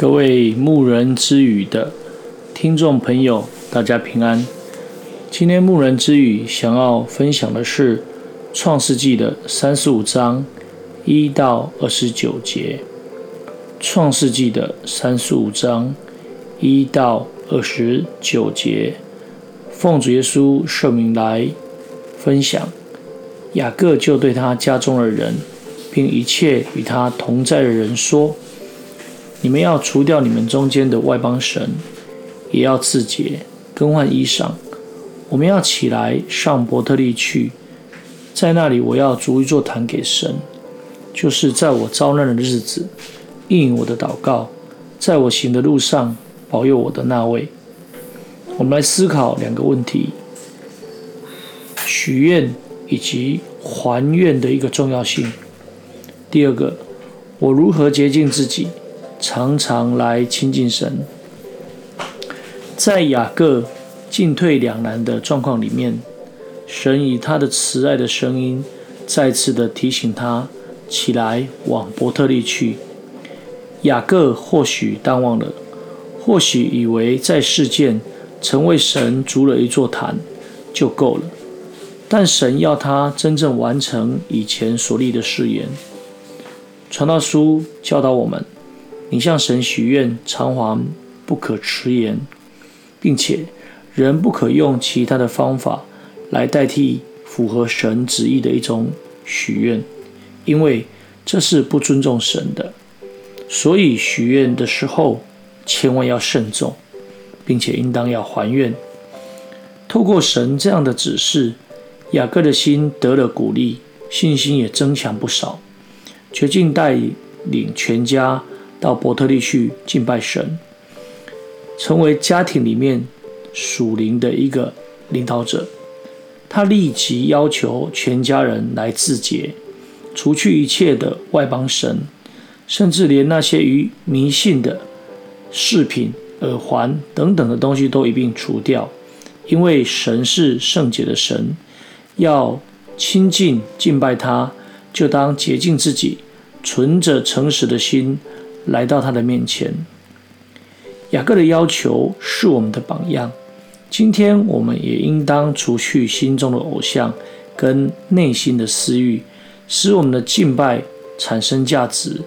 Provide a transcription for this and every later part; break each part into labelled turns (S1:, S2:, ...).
S1: 各位牧人之語的聽眾朋友，大家平安。今天牧人之語想要分享的是創世紀的35章節，《創世紀》的三十五章一到二十九節，《創世紀》的三十五章一到二十九節，奉主耶穌聖名來分享。雅各就對他家中的人，並一切與他同在的人說。你們要除掉你們中間的外邦神，也要自潔，更換衣裳。我們要起來上伯特利去，在那裡我要築一座壇給神，就是在我遭難的日子應允我的禱告，在我行的路上保佑我的那位。我們來思考兩個問題：許願以及還願的一個重要性。第二個，我如何潔淨自己？常常來親近神，在雅各進退兩難的狀況裡面，神以他的慈愛的聲音，再次的提醒他起來往伯特利去。雅各或許淡忘了，或許以為在世間曾為神築了一座壇就夠了，但神要他真正完成以前所立的誓言。傳道書教導我們。你向神許願，償還不可遲延，並且人不可用其他的方法來代替符合神旨意的一種許願，因為這是不尊重神的。所以許願的時候千萬要慎重，並且應當要還願。透過神這樣的指示，雅各的心得了鼓勵，信心也增強不少。決定帶領全家。到伯特利去敬拜神，成為家庭裡面屬靈的一個領導者。他立即要求全家人來自潔，除去一切的外邦神，甚至連那些與迷信的飾品、耳環等等的東西都一併除掉，因為神是聖潔的神，要親近敬拜他，就當潔淨自己，存着誠實的心，來到他的面前，雅各的要求是我們的榜樣。今天我們也應當除去心中的偶像跟內心的私慾，使我們的敬拜產生價值，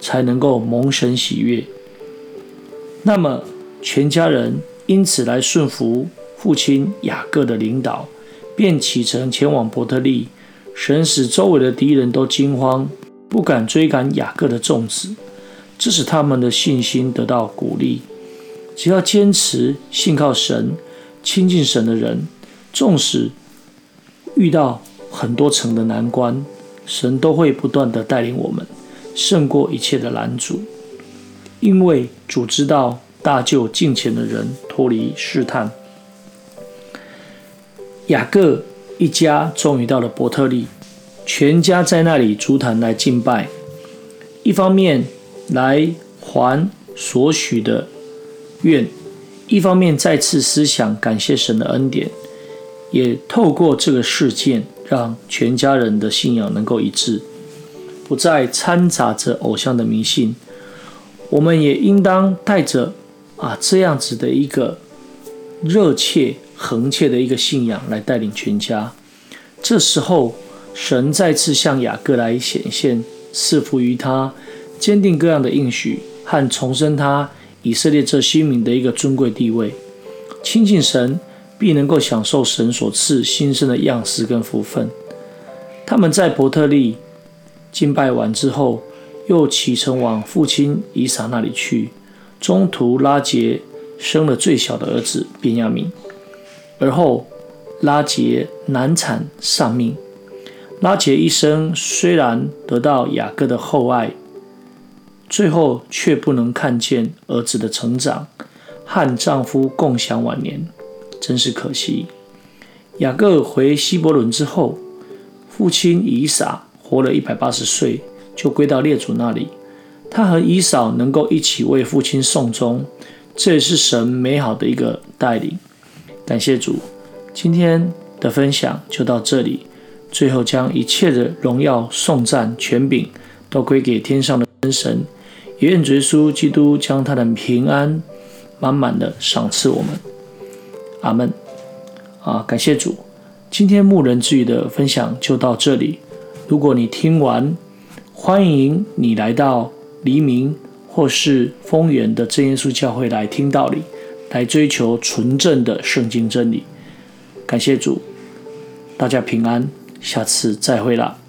S1: 才能夠蒙神喜悅。那麼，全家人因此來順服父親雅各的領導，便啟程前往伯特利。神使周圍的敵人都驚慌，不敢追趕雅各的眾子。這使他們的信心得到鼓勵。只要堅持信靠神、親近神的人，縱使遇到很多層的難關，神都會不斷地帶領我們勝過一切的攔阻。因為主知道搭救敬虔的人脫離試探。雅各一家終於到了伯特利，全家在那裡築壇來敬拜。一方面，來還所許的願，一方面再次思想感謝神的恩典，也透過這個事件讓全家人的信仰能夠一致，不再摻雜着偶像的迷信。我們也應當帶着啊這樣子的一個熱切、恆切的一個信仰來帶領全家。這時候，神再次向雅各來顯現，賜福於他。堅定各樣的應許和重申，他以色列這新民的一個尊貴地位，親近神必能夠享受神所賜新生的樣式跟福分。他們在伯特利敬拜完之後，又啟程往父親以撒那裡去。中途拉結生了最小的兒子便雅憫，而後拉結難產喪命。拉結一生雖然得到雅各的厚愛，最後卻不能看見兒子的成長，和丈夫共享晚年，真是可惜。雅各回希伯倫之後，父親以撒活了一百八十歲，就歸到列祖那裡。他和以掃能夠一起為父親送終，這也是神美好的一個帶領。感謝主，今天的分享就到這裡。最後將一切的榮耀、頌讚、權柄都歸給天上的真神。願主耶穌基督將他的平安滿滿的賞賜我們，阿門。啊，感謝主！今天牧人之語的分享就到這裡。如果你聽完，歡迎你來到黎明或是豐源的正耶穌教會來聽道理，來追求純正的聖經真理。感謝主，大家平安，下次再會啦。